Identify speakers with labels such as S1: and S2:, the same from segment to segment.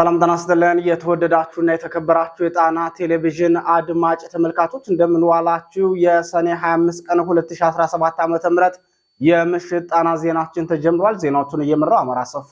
S1: ሰላም ጤና ይስጥልን። የተወደዳችሁና የተከበራችሁ የጣና ቴሌቪዥን አድማጭ ተመልካቾች እንደምንዋላችሁ። የሰኔ 25 ቀን 2017 ዓ.ም የምሽት ጣና ዜናችን ተጀምሯል። ዜናዎቹን እየመራው አማራ ሰፋ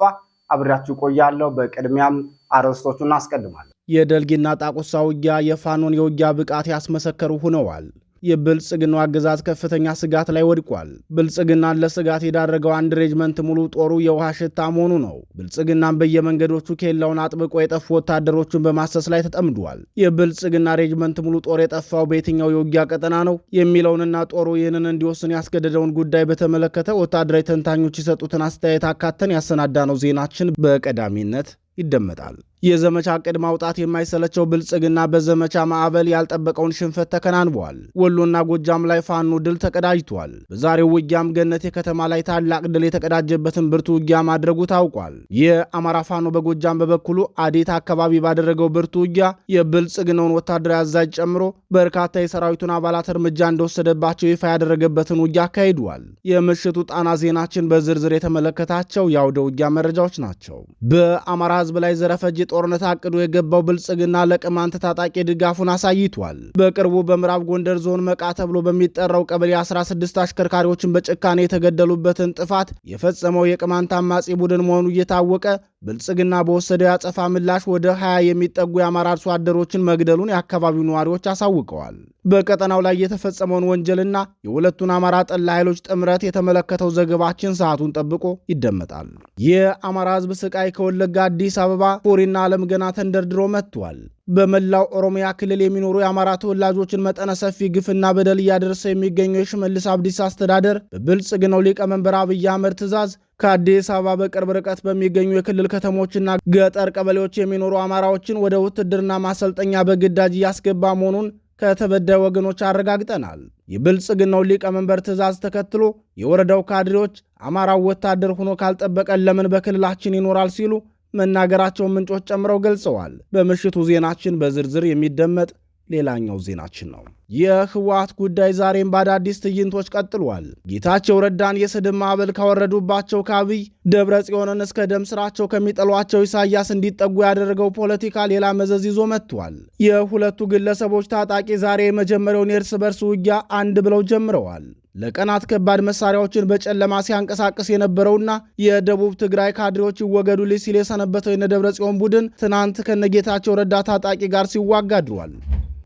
S1: አብሬያችሁ ቆያለሁ። በቅድሚያም አርዕስቶቹን አስቀድማለሁ።
S2: የደልጊና ጣቁሳ ውጊያ የፋኖን የውጊያ ብቃት ያስመሰከሩ ሆነዋል። የብልጽግናው አገዛዝ ከፍተኛ ስጋት ላይ ወድቋል። ብልጽግናን ለስጋት የዳረገው አንድ ሬጅመንት ሙሉ ጦሩ የውሃ ሽታ መሆኑ ነው። ብልጽግናን በየመንገዶቹ ኬላውን አጥብቆ የጠፉ ወታደሮቹን በማሰስ ላይ ተጠምዷል። የብልጽግና ሬጅመንት ሙሉ ጦር የጠፋው በየትኛው የውጊያ ቀጠና ነው የሚለውንና ጦሩ ይህንን እንዲወስን ያስገደደውን ጉዳይ በተመለከተ ወታደራዊ ተንታኞች የሰጡትን አስተያየት አካተን ያሰናዳነው ዜናችን በቀዳሚነት ይደመጣል። የዘመቻ ቅድ ማውጣት የማይሰለቸው ብልጽግና በዘመቻ ማዕበል ያልጠበቀውን ሽንፈት ተከናንቧል። ወሎና ጎጃም ላይ ፋኖ ድል ተቀዳጅቷል። በዛሬው ውጊያም ገነቴ ከተማ ላይ ታላቅ ድል የተቀዳጀበትን ብርቱ ውጊያ ማድረጉ ታውቋል። የአማራ ፋኖ በጎጃም በበኩሉ አዴት አካባቢ ባደረገው ብርቱ ውጊያ የብልጽግናውን ወታደራዊ አዛዥ ጨምሮ በርካታ የሰራዊቱን አባላት እርምጃ እንደወሰደባቸው ይፋ ያደረገበትን ውጊያ አካሂዷል። የምሽቱ ጣና ዜናችን በዝርዝር የተመለከታቸው የአውደ ውጊያ መረጃዎች ናቸው። በአማራ ህዝብ ላይ ዘረፈጅ ጦርነት አቅዶ የገባው ብልጽግና ለቅማንት ታጣቂ ድጋፉን አሳይቷል። በቅርቡ በምዕራብ ጎንደር ዞን መቃ ተብሎ በሚጠራው ቀበሌ 16 አሽከርካሪዎችን በጭካኔ የተገደሉበትን ጥፋት የፈጸመው የቅማንት አማጺ ቡድን መሆኑ እየታወቀ ብልጽግና በወሰደው ያጸፋ ምላሽ ወደ 20 የሚጠጉ የአማራ አርሶ አደሮችን መግደሉን የአካባቢው ነዋሪዎች አሳውቀዋል። በቀጠናው ላይ የተፈጸመውን ወንጀልና የሁለቱን አማራ ጠላ ኃይሎች ጥምረት የተመለከተው ዘገባችን ሰዓቱን ጠብቆ ይደመጣል። የአማራ ሕዝብ ስቃይ ከወለጋ አዲስ አበባ ፎሪና ዓለም ገና ተንደርድሮ መጥቷል። በመላው ኦሮሚያ ክልል የሚኖሩ የአማራ ተወላጆችን መጠነ ሰፊ ግፍና በደል እያደረሰ የሚገኘው የሽመልስ አብዲስ አስተዳደር በብልጽግናው ሊቀመንበር አብይ አህመድ ትዕዛዝ ከአዲስ አበባ በቅርብ ርቀት በሚገኙ የክልል ከተሞችና ገጠር ቀበሌዎች የሚኖሩ አማራዎችን ወደ ውትድርና ማሰልጠኛ በግዳጅ እያስገባ መሆኑን ከተበዳይ ወገኖች አረጋግጠናል። የብልጽግናው ሊቀመንበር ትዕዛዝ ተከትሎ የወረዳው ካድሬዎች አማራው ወታደር ሆኖ ካልጠበቀን ለምን በክልላችን ይኖራል ሲሉ መናገራቸውን ምንጮች ጨምረው ገልጸዋል። በምሽቱ ዜናችን በዝርዝር የሚደመጥ ሌላኛው ዜናችን ነው። የህወሓት ጉዳይ ዛሬም በአዳዲስ ትዕይንቶች ቀጥሏል። ጌታቸው ረዳን የስድብ ማዕበል ካወረዱባቸው ከአብይ ደብረ ጽዮንን እስከ ደም ስራቸው ከሚጠሏቸው ኢሳያስ እንዲጠጉ ያደረገው ፖለቲካ ሌላ መዘዝ ይዞ መጥቷል። የሁለቱ ግለሰቦች ታጣቂ ዛሬ የመጀመሪያውን የእርስ በርስ ውጊያ አንድ ብለው ጀምረዋል። ለቀናት ከባድ መሳሪያዎችን በጨለማ ሲያንቀሳቅስ የነበረውና የደቡብ ትግራይ ካድሬዎች ይወገዱልኝ ሲል የሰነበተው የነደብረ ጽዮን ቡድን ትናንት ከነጌታቸው ረዳ ታጣቂ ጋር ሲዋጋ አድሯል።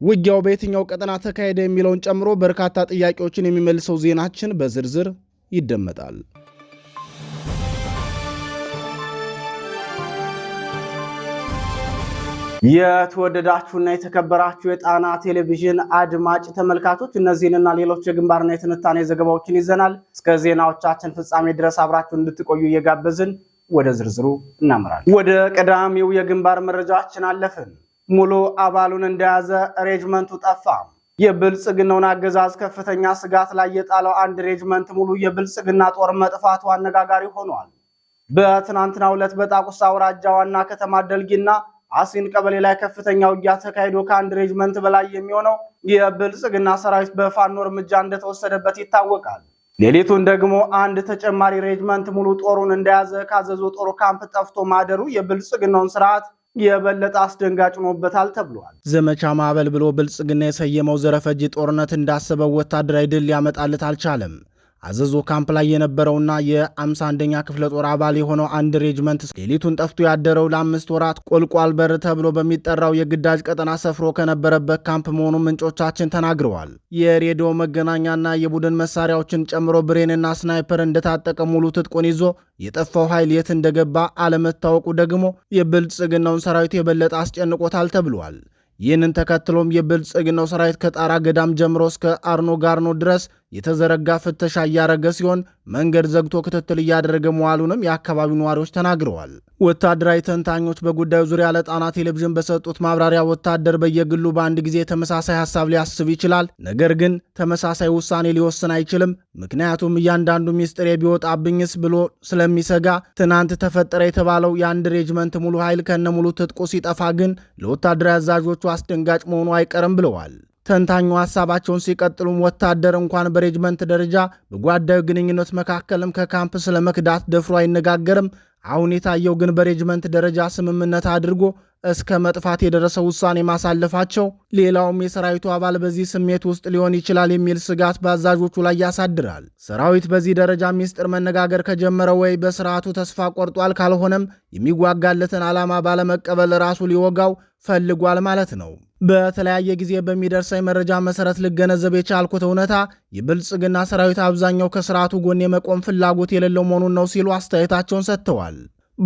S2: ውጊያው በየትኛው ቀጠና ተካሄደ የሚለውን ጨምሮ በርካታ ጥያቄዎችን የሚመልሰው ዜናችን በዝርዝር ይደመጣል።
S1: የተወደዳችሁና የተከበራችሁ የጣና ቴሌቪዥን አድማጭ ተመልካቾች እነዚህንና ሌሎች የግንባርና የትንታኔ ዘገባዎችን ይዘናል። እስከ ዜናዎቻችን ፍጻሜ ድረስ አብራችሁ እንድትቆዩ እየጋበዝን ወደ ዝርዝሩ እናምራለን። ወደ ቀዳሚው የግንባር መረጃችን አለፍን። ሙሉ አባሉን እንደያዘ ሬጅመንቱ ጠፋ። የብልጽግናውን አገዛዝ ከፍተኛ ስጋት ላይ የጣለው አንድ ሬጅመንት ሙሉ የብልጽግና ጦር መጥፋቱ አነጋጋሪ ሆኗል። በትናንትናው ዕለት በጣቁሳ አውራጃ ዋና ከተማ ደልጊና አሲን ቀበሌ ላይ ከፍተኛ ውጊያ ተካሂዶ ከአንድ ሬጅመንት በላይ የሚሆነው የብልጽግና ሰራዊት በፋኖ እርምጃ እንደተወሰደበት ይታወቃል። ሌሊቱን ደግሞ አንድ ተጨማሪ ሬጅመንት ሙሉ ጦሩን እንደያዘ ካዘዞ ጦሩ ካምፕ ጠፍቶ ማደሩ የብልጽግናውን ስርዓት የበለጠ አስደንጋጭ ሆኖበታል ተብሏል።
S2: ዘመቻ ማዕበል ብሎ ብልጽግና የሰየመው ዘረፈጅ ጦርነት እንዳሰበው ወታደራዊ ድል ሊያመጣለት አልቻለም። አዘዞ ካምፕ ላይ የነበረውና የ51ኛ ክፍለ ጦር አባል የሆነው አንድ ሬጅመንት ሌሊቱን ጠፍቶ ያደረው ለአምስት ወራት ቆልቋል በር ተብሎ በሚጠራው የግዳጅ ቀጠና ሰፍሮ ከነበረበት ካምፕ መሆኑ ምንጮቻችን ተናግረዋል። የሬዲዮ መገናኛና የቡድን መሳሪያዎችን ጨምሮ ብሬንና ስናይፐር እንደታጠቀ ሙሉ ትጥቁን ይዞ የጠፋው ኃይል የት እንደገባ አለመታወቁ ደግሞ የብልጽግናውን ሰራዊት የበለጠ አስጨንቆታል ተብሏል። ይህንን ተከትሎም የብልጽግናው ሰራዊት ከጣራ ገዳም ጀምሮ እስከ አርኖ ጋርኖ ድረስ የተዘረጋ ፍተሻ እያደረገ ሲሆን መንገድ ዘግቶ ክትትል እያደረገ መዋሉንም የአካባቢው ነዋሪዎች ተናግረዋል። ወታደራዊ ተንታኞች በጉዳዩ ዙሪያ ለጣና ቴሌቪዥን በሰጡት ማብራሪያ ወታደር በየግሉ በአንድ ጊዜ ተመሳሳይ ሀሳብ ሊያስብ ይችላል፣ ነገር ግን ተመሳሳይ ውሳኔ ሊወስን አይችልም። ምክንያቱም እያንዳንዱ ሚስጥሬ ቢወጣብኝስ ብሎ ስለሚሰጋ ትናንት ተፈጠረ የተባለው የአንድ ሬጅመንት ሙሉ ኃይል ከነ ሙሉ ትጥቁ ሲጠፋ ግን ለወታደራዊ አዛዦቹ አስደንጋጭ መሆኑ አይቀርም ብለዋል። ተንታኙ ሀሳባቸውን ሲቀጥሉም ወታደር እንኳን በሬጅመንት ደረጃ በጓዳዊ ግንኙነት መካከልም ከካምፕ ስለ መክዳት ደፍሮ አይነጋገርም። አሁን የታየው ግን በሬጅመንት ደረጃ ስምምነት አድርጎ እስከ መጥፋት የደረሰ ውሳኔ ማሳለፋቸው ሌላውም የሰራዊቱ አባል በዚህ ስሜት ውስጥ ሊሆን ይችላል የሚል ስጋት በአዛዦቹ ላይ ያሳድራል። ሰራዊት በዚህ ደረጃ ሚስጥር መነጋገር ከጀመረ ወይ በስርዓቱ ተስፋ ቆርጧል፣ ካልሆነም የሚዋጋለትን ዓላማ ባለመቀበል ራሱ ሊወጋው ፈልጓል ማለት ነው። በተለያየ ጊዜ በሚደርሰኝ መረጃ መሰረት ልገነዘብ የቻልኩት እውነታ የብልጽግና ሰራዊት አብዛኛው ከስርዓቱ ጎን የመቆም ፍላጎት የሌለው መሆኑን ነው ሲሉ አስተያየታቸውን ሰጥተዋል።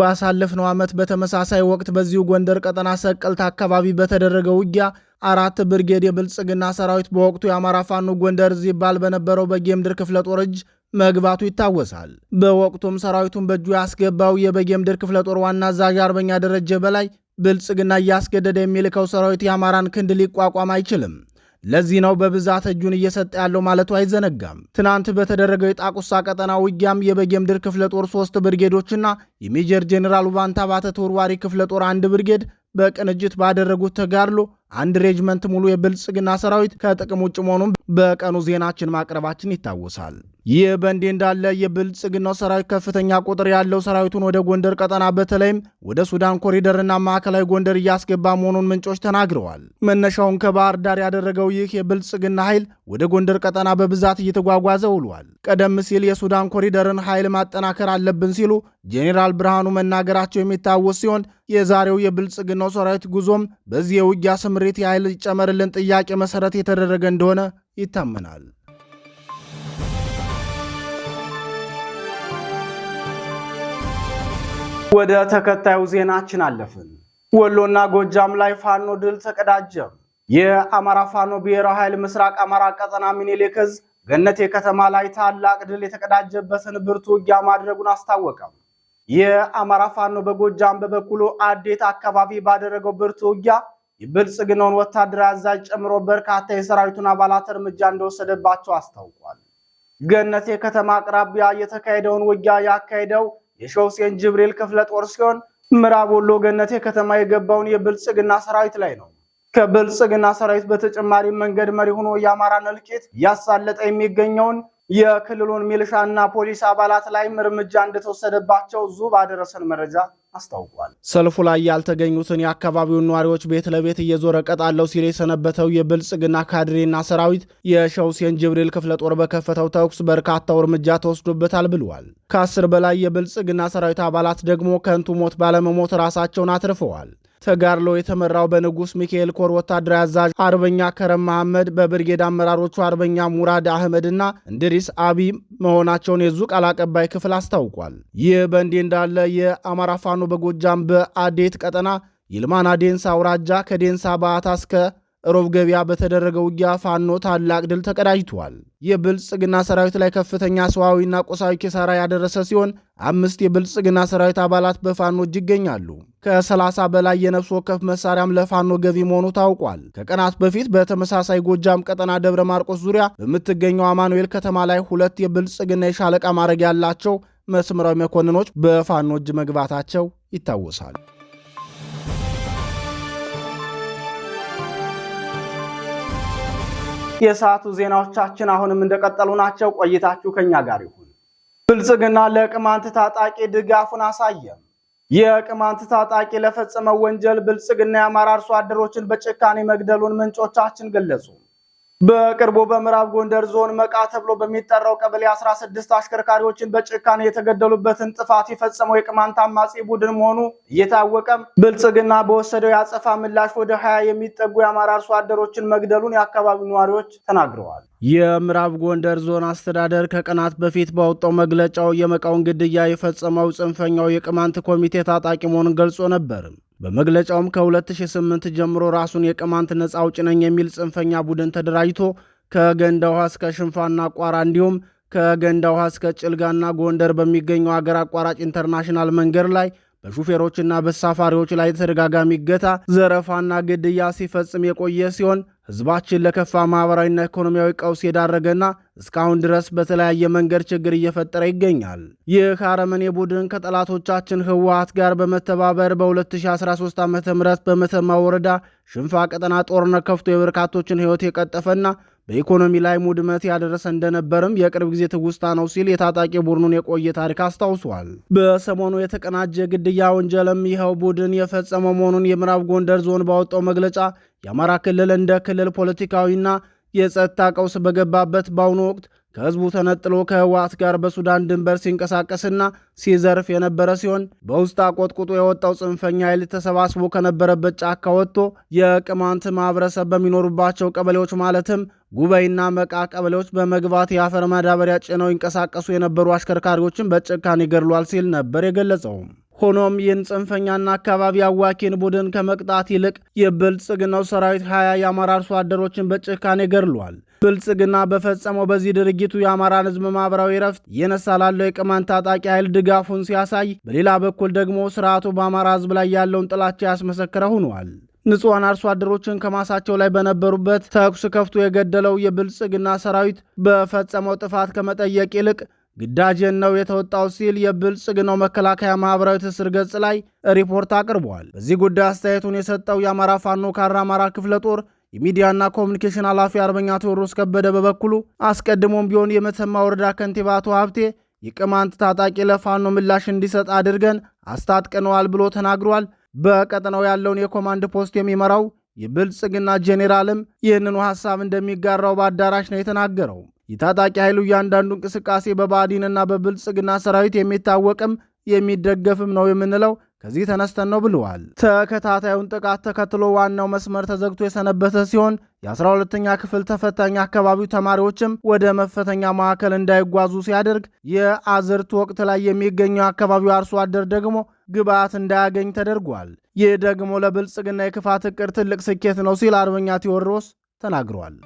S2: ባሳለፍነው ዓመት በተመሳሳይ ወቅት በዚሁ ጎንደር ቀጠና ሰቀልት አካባቢ በተደረገ ውጊያ አራት ብርጌድ የብልጽግና ሰራዊት በወቅቱ የአማራ ፋኖ ጎንደር ይባል በነበረው በጌምድር ክፍለ ጦር እጅ መግባቱ ይታወሳል። በወቅቱም ሰራዊቱን በእጁ ያስገባው የበጌምድር ክፍለ ጦር ዋና አዛዥ አርበኛ ደረጀ በላይ ብልጽግና እያስገደደ የሚልከው ሰራዊት የአማራን ክንድ ሊቋቋም አይችልም ለዚህ ነው በብዛት እጁን እየሰጠ ያለው ማለቱ አይዘነጋም። ትናንት በተደረገው የጣቁሳ ቀጠና ውጊያም የበጌምድር ክፍለ ጦር ሶስት ብርጌዶችና የሜጀር ጄኔራል ውባንታ ባተ ተወርዋሪ ክፍለ ጦር አንድ ብርጌድ በቅንጅት ባደረጉት ተጋድሎ አንድ ሬጅመንት ሙሉ የብልጽግና ሰራዊት ከጥቅም ውጭ መሆኑን በቀኑ ዜናችን ማቅረባችን ይታወሳል። ይህ በእንዲህ እንዳለ የብልጽግናው ሰራዊት ከፍተኛ ቁጥር ያለው ሰራዊቱን ወደ ጎንደር ቀጠና በተለይም ወደ ሱዳን ኮሪደርና ማዕከላዊ ጎንደር እያስገባ መሆኑን ምንጮች ተናግረዋል። መነሻውን ከባህር ዳር ያደረገው ይህ የብልጽግና ኃይል ወደ ጎንደር ቀጠና በብዛት እየተጓጓዘ ውሏል። ቀደም ሲል የሱዳን ኮሪደርን ኃይል ማጠናከር አለብን ሲሉ ጄኔራል ብርሃኑ መናገራቸው የሚታወስ ሲሆን የዛሬው የብልጽግናው ሰራዊት ጉዞም በዚህ የውጊያ ስምሪት የኃይል ይጨመርልን ጥያቄ መሰረት የተደረገ እንደሆነ ይታመናል።
S1: ወደ ተከታዩ ዜናችን አለፍን። ወሎና ጎጃም ላይ ፋኖ ድል ተቀዳጀ። የአማራ ፋኖ ብሔራዊ ኃይል ምስራቅ አማራ ቀጠና ሚኒሊክዝ ዕዝ ገነቴ ከተማ ላይ ታላቅ ድል የተቀዳጀበትን ብርቱ ውጊያ ማድረጉን አስታወቀም። የአማራ ፋኖ በጎጃም በበኩሉ አዴት አካባቢ ባደረገው ብርቱ ውጊያ የብልጽግናውን ወታደራዊ አዛዥ ጨምሮ በርካታ የሰራዊቱን አባላት እርምጃ እንደወሰደባቸው አስታውቋል። ገነቴ ከተማ አቅራቢያ የተካሄደውን ውጊያ ያካሄደው የሾውሴን ጅብሪል ክፍለ ጦር ሲሆን ምዕራብ ወሎ ገነቴ ከተማ የገባውን የብልጽግና ሰራዊት ላይ ነው። ከብልጽግና ሰራዊት በተጨማሪ መንገድ መሪ ሆኖ የአማራን እልቂት እያሳለጠ የሚገኘውን የክልሉን ሚሊሻና ፖሊስ አባላት ላይም እርምጃ እንደተወሰደባቸው ዙ ባደረሰን መረጃ አስታውቋል።
S2: ሰልፉ ላይ ያልተገኙትን የአካባቢውን ነዋሪዎች ቤት ለቤት እየዞረ ቀጣለው ሲል የሰነበተው የብልጽግና ካድሬና ሰራዊት የሸውሴን ጅብሪል ክፍለ ጦር በከፈተው ተኩስ በርካታው እርምጃ ተወስዶበታል ብለዋል። ከአስር በላይ የብልጽግና ሰራዊት አባላት ደግሞ ከንቱ ሞት ባለመሞት ራሳቸውን አትርፈዋል። ተጋድሎ የተመራው በንጉስ ሚካኤል ኮር ወታደራዊ አዛዥ አርበኛ ከረም መሐመድ በብርጌድ አመራሮቹ አርበኛ ሙራድ አህመድና እንድሪስ አቢ መሆናቸውን የዙ ቃል አቀባይ ክፍል አስታውቋል። ይህ በእንዲህ እንዳለ የአማራ ፋኖ በጎጃም በአዴት ቀጠና ይልማና ዴንሳ አውራጃ ከዴንሳ በአታ እስከ ሮብ ገበያ በተደረገ ውጊያ ፋኖ ታላቅ ድል ተቀዳጅቷል። የብልጽግና ሰራዊት ላይ ከፍተኛ ሰዋዊና ቁሳዊ ኪሳራ ያደረሰ ሲሆን አምስት የብልጽግና ሰራዊት አባላት በፋኖ እጅ ይገኛሉ። ከ30 በላይ የነፍስ ወከፍ መሳሪያም ለፋኖ ገቢ መሆኑ ታውቋል። ከቀናት በፊት በተመሳሳይ ጎጃም ቀጠና ደብረ ማርቆስ ዙሪያ በምትገኘው አማኑኤል ከተማ ላይ ሁለት የብልጽግና የሻለቃ ማዕረግ ያላቸው መስመራዊ መኮንኖች በፋኖ እጅ መግባታቸው ይታወሳል።
S1: የሰዓቱ ዜናዎቻችን አሁንም እንደቀጠሉ ናቸው። ቆይታችሁ ከኛ ጋር ይሁን። ብልጽግና ለቅማንት ታጣቂ ድጋፉን አሳየም። የቅማንት ታጣቂ ለፈጸመው ወንጀል ብልጽግና የአማራ አርሶ አደሮችን በጭካኔ መግደሉን ምንጮቻችን ገለጹ። በቅርቡ በምዕራብ ጎንደር ዞን መቃ ተብሎ በሚጠራው ቀበሌ 16 አሽከርካሪዎችን በጭካኔ የተገደሉበትን ጥፋት የፈጸመው የቅማንት አማጺ ቡድን መሆኑ እየታወቀም ብልጽግና በወሰደው የአጸፋ ምላሽ ወደ ሀያ የሚጠጉ የአማራ አርሶ አደሮችን መግደሉን የአካባቢው ነዋሪዎች ተናግረዋል።
S2: የምዕራብ ጎንደር ዞን አስተዳደር ከቀናት በፊት ባወጣው መግለጫው የመቃውን ግድያ የፈጸመው ጽንፈኛው የቅማንት ኮሚቴ ታጣቂ መሆኑን ገልጾ ነበር። በመግለጫውም ከ2008 ጀምሮ ራሱን የቅማንት ነፃ አውጭ ነኝ የሚል ጽንፈኛ ቡድን ተደራጅቶ ከገንዳ ውሃ እስከ ሽንፋና ቋራ እንዲሁም ከገንዳ ውሃ እስከ ጭልጋና ጎንደር በሚገኘው አገር አቋራጭ ኢንተርናሽናል መንገድ ላይ በሹፌሮችና በተሳፋሪዎች ላይ ተደጋጋሚ እገታ፣ ዘረፋና ግድያ ሲፈጽም የቆየ ሲሆን ህዝባችን ለከፋ ማኅበራዊና ኢኮኖሚያዊ ቀውስ የዳረገና እስካሁን ድረስ በተለያየ መንገድ ችግር እየፈጠረ ይገኛል። ይህ አረመኔ ቡድን ከጠላቶቻችን ህወሓት ጋር በመተባበር በ2013 ዓ ም በመተማ ወረዳ ሽንፋ ቀጠና ጦርነት ከፍቶ የበርካቶችን ሕይወት የቀጠፈና በኢኮኖሚ ላይ ውድመት ያደረሰ እንደነበርም የቅርብ ጊዜ ትውስታ ነው ሲል የታጣቂ ቡድኑን የቆየ ታሪክ አስታውሷል። በሰሞኑ የተቀናጀ ግድያ ወንጀልም ይኸው ቡድን የፈጸመ መሆኑን የምዕራብ ጎንደር ዞን ባወጣው መግለጫ የአማራ ክልል እንደ ክልል ፖለቲካዊና የጸጥታ ቀውስ በገባበት በአሁኑ ወቅት ከህዝቡ ተነጥሎ ከህወሓት ጋር በሱዳን ድንበር ሲንቀሳቀስና ሲዘርፍ የነበረ ሲሆን በውስጥ አቆጥቁጦ የወጣው ጽንፈኛ ኃይል ተሰባስቦ ከነበረበት ጫካ ወጥቶ የቅማንት ማህበረሰብ በሚኖሩባቸው ቀበሌዎች ማለትም ጉባኤና መቃ ቀበሌዎች በመግባት የአፈር ማዳበሪያ ጭነው ይንቀሳቀሱ የነበሩ አሽከርካሪዎችን በጭካኔ ገድሏል ሲል ነበር የገለጸው። ሆኖም ይህን ጽንፈኛና አካባቢ አዋኪን ቡድን ከመቅጣት ይልቅ የብልጽግናው ሰራዊት ሀያ የአማራ አርሶ አደሮችን በጭካኔ ገድሏል። ብልጽግና በፈጸመው በዚህ ድርጊቱ የአማራን ህዝብ ማህበራዊ ረፍት እየነሳ ላለው የቅማንት ታጣቂ ኃይል ድጋፉን ሲያሳይ፣ በሌላ በኩል ደግሞ ስርዓቱ በአማራ ህዝብ ላይ ያለውን ጥላቻ ያስመሰከረ ሆኗል። ንጹሐን አርሶ አደሮችን ከማሳቸው ላይ በነበሩበት ተኩስ ከፍቶ የገደለው የብልጽግና ሰራዊት በፈጸመው ጥፋት ከመጠየቅ ይልቅ ግዳጅን ነው የተወጣው ሲል የብልጽግናው መከላከያ ማህበራዊ ትስስር ገጽ ላይ ሪፖርት አቅርቧል። በዚህ ጉዳይ አስተያየቱን የሰጠው የአማራ ፋኖ ካራ አማራ ክፍለ ጦር የሚዲያና ኮሚኒኬሽን ኃላፊ አርበኛ ቴዎድሮስ ከበደ በበኩሉ አስቀድሞም ቢሆን የመተማ ወረዳ ከንቲባ አቶ ሀብቴ የቅማንት ታጣቂ ለፋኖ ምላሽ እንዲሰጥ አድርገን አስታጥቀነዋል ብሎ ተናግሯል። በቀጠናው ያለውን የኮማንድ ፖስት የሚመራው የብልጽግና ጄኔራልም ይህንኑ ሐሳብ እንደሚጋራው በአዳራሽ ነው የተናገረው። የታጣቂ ኃይሉ እያንዳንዱ እንቅስቃሴ በባዕዲንና በብልጽግና ሰራዊት የሚታወቅም የሚደገፍም ነው የምንለው ከዚህ ተነስተን ነው ብለዋል። ተከታታዩን ጥቃት ተከትሎ ዋናው መስመር ተዘግቶ የሰነበተ ሲሆን የ12ተኛ ክፍል ተፈታኝ አካባቢው ተማሪዎችም ወደ መፈተኛ ማዕከል እንዳይጓዙ ሲያደርግ፣ የአዝርት ወቅት ላይ የሚገኘው አካባቢው አርሶ አደር ደግሞ ግብዓት እንዳያገኝ ተደርጓል። ይህ ደግሞ ለብልጽግና የክፋት እቅድ ትልቅ ስኬት ነው ሲል አርበኛ ቴዎድሮስ ተናግሯል።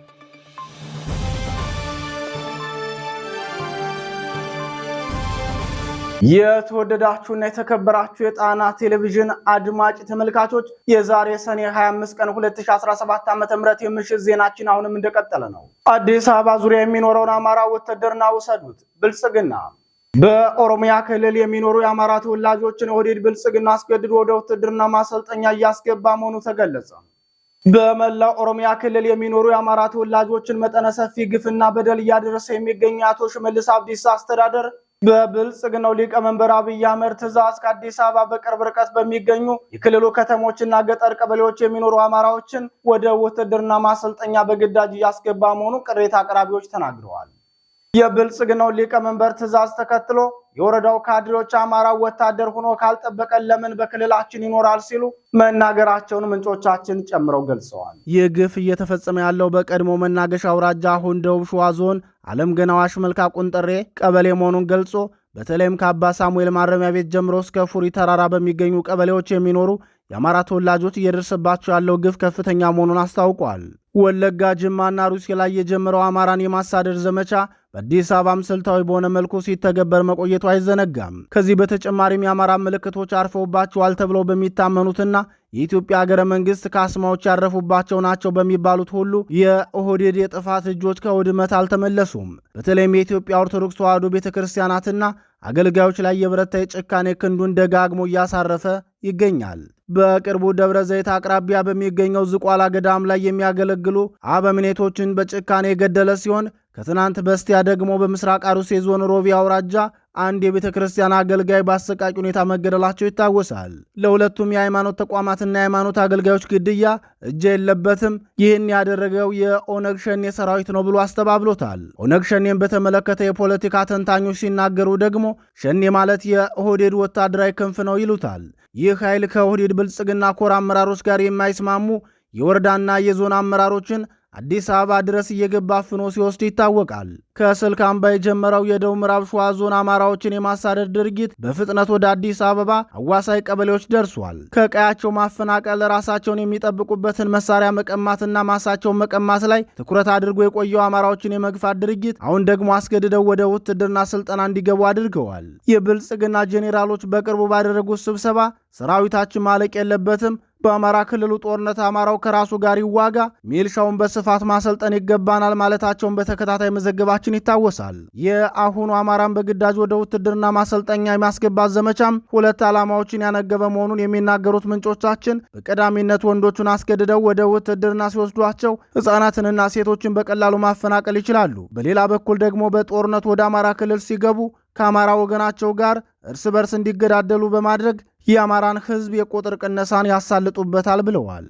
S1: የተወደዳችሁና የተከበራችሁ የጣና ቴሌቪዥን አድማጭ ተመልካቾች የዛሬ ሰኔ 25 ቀን 2017 ም የምሽት ዜናችን አሁንም እንደቀጠለ ነው። አዲስ አበባ ዙሪያ የሚኖረውን አማራ ውትድርና ውሰዱት ብልጽግና በኦሮሚያ ክልል የሚኖሩ የአማራ ተወላጆችን ኦህዴድ ብልጽግና አስገድዶ ወደ ውትድርና ማሰልጠኛ እያስገባ መሆኑ ተገለጸ። በመላው ኦሮሚያ ክልል የሚኖሩ የአማራ ተወላጆችን መጠነ ሰፊ ግፍና በደል እያደረሰ የሚገኝ አቶ ሽመልስ አብዲሳ አስተዳደር በብልጽግናው ሊቀመንበር አብይ አህመድ ትእዛዝ ከአዲስ አበባ በቅርብ ርቀት በሚገኙ የክልሉ ከተሞችና ገጠር ቀበሌዎች የሚኖሩ አማራዎችን ወደ ውትድርና ማሰልጠኛ በግዳጅ እያስገባ መሆኑ ቅሬታ አቅራቢዎች ተናግረዋል። የብልጽግናው ሊቀመንበር ትዕዛዝ ተከትሎ የወረዳው ካድሬዎች አማራ ወታደር ሆኖ ካልጠበቀን ለምን በክልላችን ይኖራል ሲሉ መናገራቸውን ምንጮቻችን ጨምረው ገልጸዋል።
S2: ይህ ግፍ እየተፈጸመ ያለው በቀድሞ መናገሻ አውራጃ አሁን ደቡብ ሸዋ ዞን አለም ገናዋሽ መልካ ቁንጥሬ ቀበሌ መሆኑን ገልጾ በተለይም ከአባ ሳሙኤል ማረሚያ ቤት ጀምሮ እስከ ፉሪ ተራራ በሚገኙ ቀበሌዎች የሚኖሩ የአማራ ተወላጆች እየደረሰባቸው ያለው ግፍ ከፍተኛ መሆኑን አስታውቋል። ወለጋ፣ ጅማና ሩሴ ላይ የጀመረው አማራን የማሳደድ ዘመቻ በአዲስ አበባም ስልታዊ በሆነ መልኩ ሲተገበር መቆየቱ አይዘነጋም። ከዚህ በተጨማሪም የአማራ ምልክቶች አርፈውባቸዋል ተብለው በሚታመኑትና የኢትዮጵያ ሀገረ መንግስት ካስማዎች ያረፉባቸው ናቸው በሚባሉት ሁሉ የኦህዴድ የጥፋት እጆች ከውድመት አልተመለሱም። በተለይም የኢትዮጵያ ኦርቶዶክስ ተዋሕዶ ቤተ ክርስቲያናትና አገልጋዮች ላይ የበረታ የጭካኔ ክንዱን ደጋግሞ እያሳረፈ ይገኛል። በቅርቡ ደብረ ዘይት አቅራቢያ በሚገኘው ዝቋላ ገዳም ላይ የሚያገለግሉ አበምኔቶችን በጭካኔ የገደለ ሲሆን ከትናንት በስቲያ ደግሞ በምስራቅ አርሲ ዞን ሮቢ አውራጃ አንድ የቤተ ክርስቲያን አገልጋይ በአሰቃቂ ሁኔታ መገደላቸው ይታወሳል። ለሁለቱም የሃይማኖት ተቋማትና የሃይማኖት አገልጋዮች ግድያ እጅ የለበትም፣ ይህን ያደረገው የኦነግ ሸኔ ሰራዊት ነው ብሎ አስተባብሎታል። ኦነግ ሸኔን በተመለከተ የፖለቲካ ተንታኞች ሲናገሩ ደግሞ ሸኔ ማለት የኦህዴድ ወታደራዊ ክንፍ ነው ይሉታል። ይህ ኃይል ከኦህዴድ ብልጽግና ኮር አመራሮች ጋር የማይስማሙ የወረዳና የዞን አመራሮችን አዲስ አበባ ድረስ እየገባ አፍኖ ሲወስድ ይታወቃል። ከስልክ አምባ የጀመረው የደቡብ ምዕራብ ሸዋ ዞን አማራዎችን የማሳደድ ድርጊት በፍጥነት ወደ አዲስ አበባ አዋሳይ ቀበሌዎች ደርሷል። ከቀያቸው ማፈናቀል፣ ራሳቸውን የሚጠብቁበትን መሳሪያ መቀማትና ማሳቸውን መቀማት ላይ ትኩረት አድርጎ የቆየው አማራዎችን የመግፋት ድርጊት አሁን ደግሞ አስገድደው ወደ ውትድርና ስልጠና እንዲገቡ አድርገዋል። የብልጽግና ጄኔራሎች በቅርቡ ባደረጉት ስብሰባ ሰራዊታችን ማለቅ የለበትም በአማራ ክልሉ ጦርነት አማራው ከራሱ ጋር ይዋጋ፣ ሚልሻውን በስፋት ማሰልጠን ይገባናል ማለታቸውን በተከታታይ መዘገባችን ይታወሳል። የአሁኑ አማራን በግዳጅ ወደ ውትድርና ማሰልጠኛ የማስገባት ዘመቻም ሁለት ዓላማዎችን ያነገበ መሆኑን የሚናገሩት ምንጮቻችን በቀዳሚነት ወንዶቹን አስገድደው ወደ ውትድርና ሲወስዷቸው ሕፃናትንና ሴቶችን በቀላሉ ማፈናቀል ይችላሉ። በሌላ በኩል ደግሞ በጦርነት ወደ አማራ ክልል ሲገቡ ከአማራ ወገናቸው ጋር እርስ በርስ እንዲገዳደሉ በማድረግ የአማራን ሕዝብ የቁጥር ቅነሳን ያሳልጡበታል ብለዋል።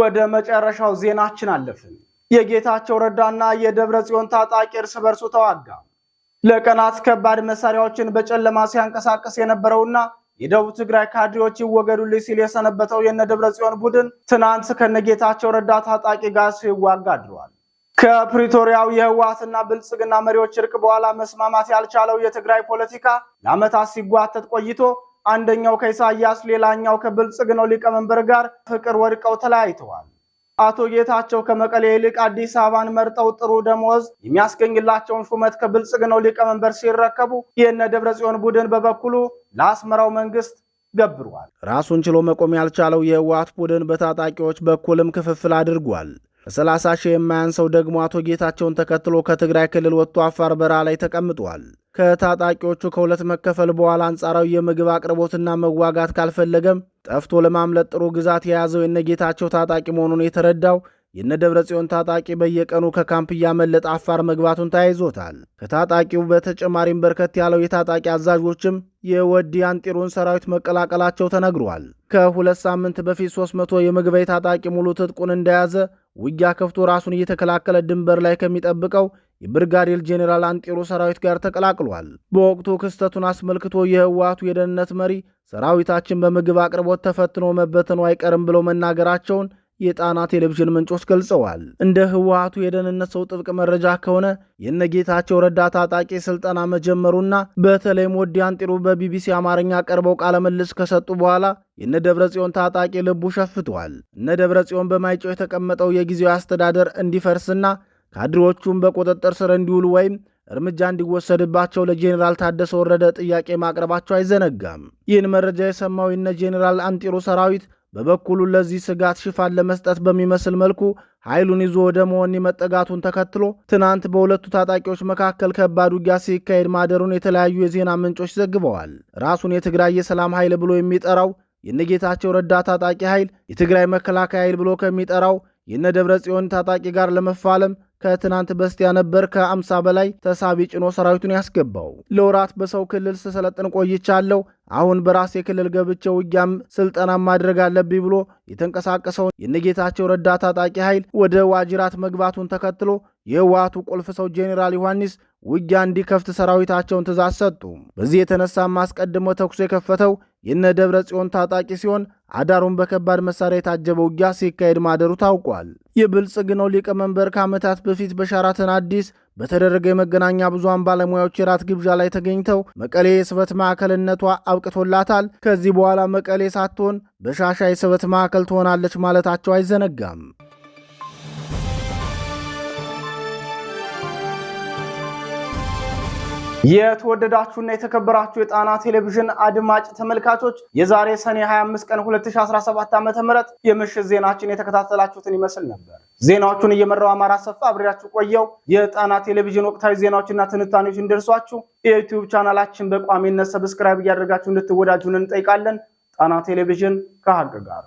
S1: ወደ መጨረሻው ዜናችን አለፍን። የጌታቸው ረዳና የደብረ ጽዮን ታጣቂ እርስ በርሱ ተዋጋ። ለቀናት ከባድ መሳሪያዎችን በጨለማ ሲያንቀሳቀስ የነበረውና የደቡብ ትግራይ ካድሬዎች ይወገዱልኝ ሲል የሰነበተው የነ ደብረ ጽዮን ቡድን ትናንት ከነጌታቸው ረዳ ታጣቂ ጋር ሲዋጋ አድሯል። ከፕሪቶሪያው የህወሓትና ብልጽግና መሪዎች እርቅ በኋላ መስማማት ያልቻለው የትግራይ ፖለቲካ ለዓመታት ሲጓተት ቆይቶ አንደኛው ከኢሳያስ ሌላኛው ከብልጽግናው ሊቀመንበር ጋር ፍቅር ወድቀው ተለያይተዋል። አቶ ጌታቸው ከመቀሌ ይልቅ አዲስ አበባን መርጠው ጥሩ ደሞዝ የሚያስገኝላቸውን ሹመት ከብልጽግናው ሊቀመንበር ሲረከቡ፣ የነ ደብረጽዮን ቡድን በበኩሉ ለአስመራው መንግስት ገብሯል።
S2: ራሱን ችሎ መቆም ያልቻለው የህወሓት ቡድን በታጣቂዎች በኩልም ክፍፍል አድርጓል። ከሰላሳ ሺህ የማያንሰው ደግሞ አቶ ጌታቸውን ተከትሎ ከትግራይ ክልል ወጥቶ አፋር በረሃ ላይ ተቀምጧል። ከታጣቂዎቹ ከሁለት መከፈል በኋላ አንጻራዊ የምግብ አቅርቦትና መዋጋት ካልፈለገም ጠፍቶ ለማምለጥ ጥሩ ግዛት የያዘው ጌታቸው ታጣቂ መሆኑን የተረዳው ደብረ ጽዮን ታጣቂ በየቀኑ ከካምፕ እያመለጠ አፋር መግባቱን ተያይዞታል። ከታጣቂው በተጨማሪም በርከት ያለው የታጣቂ አዛዦችም የወዲ አንጢሩን ሰራዊት መቀላቀላቸው ተነግሯል። ከሁለት ሳምንት በፊት 300 የምግበይ ታጣቂ ሙሉ ትጥቁን እንደያዘ ውጊያ ከፍቶ ራሱን እየተከላከለ ድንበር ላይ ከሚጠብቀው የብርጋዴር ጄኔራል አንጤሮ ሰራዊት ጋር ተቀላቅሏል። በወቅቱ ክስተቱን አስመልክቶ የህወሓቱ የደህንነት መሪ ሰራዊታችን በምግብ አቅርቦት ተፈትኖ መበተኑ አይቀርም ብለው መናገራቸውን የጣና ቴሌቪዥን ምንጮች ገልጸዋል። እንደ ህወሀቱ የደህንነት ሰው ጥብቅ መረጃ ከሆነ የነጌታቸው ረዳ ታጣቂ ስልጠና መጀመሩና በተለይም ወዲ አንጢሩ በቢቢሲ አማርኛ ቀርበው ቃለምልስ ከሰጡ በኋላ የነ ደብረ ጽዮን ታጣቂ ልቡ ሸፍቷል። እነ ደብረ ጽዮን በማይጨው የተቀመጠው የጊዜያዊ አስተዳደር እንዲፈርስና ካድሬዎቹም በቁጥጥር ስር እንዲውሉ ወይም እርምጃ እንዲወሰድባቸው ለጄኔራል ታደሰ ወረደ ጥያቄ ማቅረባቸው አይዘነጋም። ይህን መረጃ የሰማው የነ ጄኔራል አንጢሮ ሰራዊት በበኩሉ ለዚህ ስጋት ሽፋን ለመስጠት በሚመስል መልኩ ኃይሉን ይዞ ወደ መሆኒ መጠጋቱን ተከትሎ ትናንት በሁለቱ ታጣቂዎች መካከል ከባድ ውጊያ ሲካሄድ ማደሩን የተለያዩ የዜና ምንጮች ዘግበዋል። ራሱን የትግራይ የሰላም ኃይል ብሎ የሚጠራው የነጌታቸው ረዳ ታጣቂ ኃይል የትግራይ መከላከያ ኃይል ብሎ ከሚጠራው የነ ደብረ ጽዮን ታጣቂ ጋር ለመፋለም ከትናንት በስቲያ ነበር ከአምሳ በላይ ተሳቢ ጭኖ ሰራዊቱን ያስገባው። ለወራት በሰው ክልል ስሰለጥን ቆይቻለሁ። አሁን በራሴ ክልል ገብቼ ውጊያም ስልጠና ማድረግ አለብኝ ብሎ የተንቀሳቀሰውን የነጌታቸው ረዳ ታጣቂ ኃይል ወደ ዋጅራት መግባቱን ተከትሎ የህወሓቱ ቁልፍ ሰው ጄኔራል ዮሐንስ ውጊያ እንዲከፍት ሰራዊታቸውን ትእዛዝ ሰጡ። በዚህ የተነሳ አስቀድሞ ተኩሶ የከፈተው የነ ደብረ ጽዮን ታጣቂ ሲሆን አዳሩን በከባድ መሳሪያ የታጀበ ውጊያ ሲካሄድ ማደሩ ታውቋል። የብልጽግናው ሊቀመንበር ከዓመታት በፊት በሸራተን አዲስ በተደረገ የመገናኛ ብዙሃን ባለሙያዎች የራት ግብዣ ላይ ተገኝተው መቀሌ የስበት ማዕከልነቷ አብቅቶላታል፣ ከዚህ በኋላ መቀሌ ሳትሆን በሻሻ የስበት ማዕከል ትሆናለች ማለታቸው አይዘነጋም።
S1: የተወደዳችሁና የተከበራችሁ የጣና ቴሌቪዥን አድማጭ ተመልካቾች የዛሬ ሰኔ 25 ቀን 2017 ዓ.ም የምሽት ዜናችን የተከታተላችሁትን ይመስል ነበር። ዜናዎቹን እየመራው አማራ ሰፋ አብሬያችሁ ቆየው። የጣና ቴሌቪዥን ወቅታዊ ዜናዎችና ትንታኔዎች እንደርሷችሁ የዩቲዩብ ቻናላችን በቋሚነት ሰብስክራይብ እያደረጋችሁ እንድትወዳጁን እንጠይቃለን። ጣና ቴሌቪዥን ከሀቅ ጋር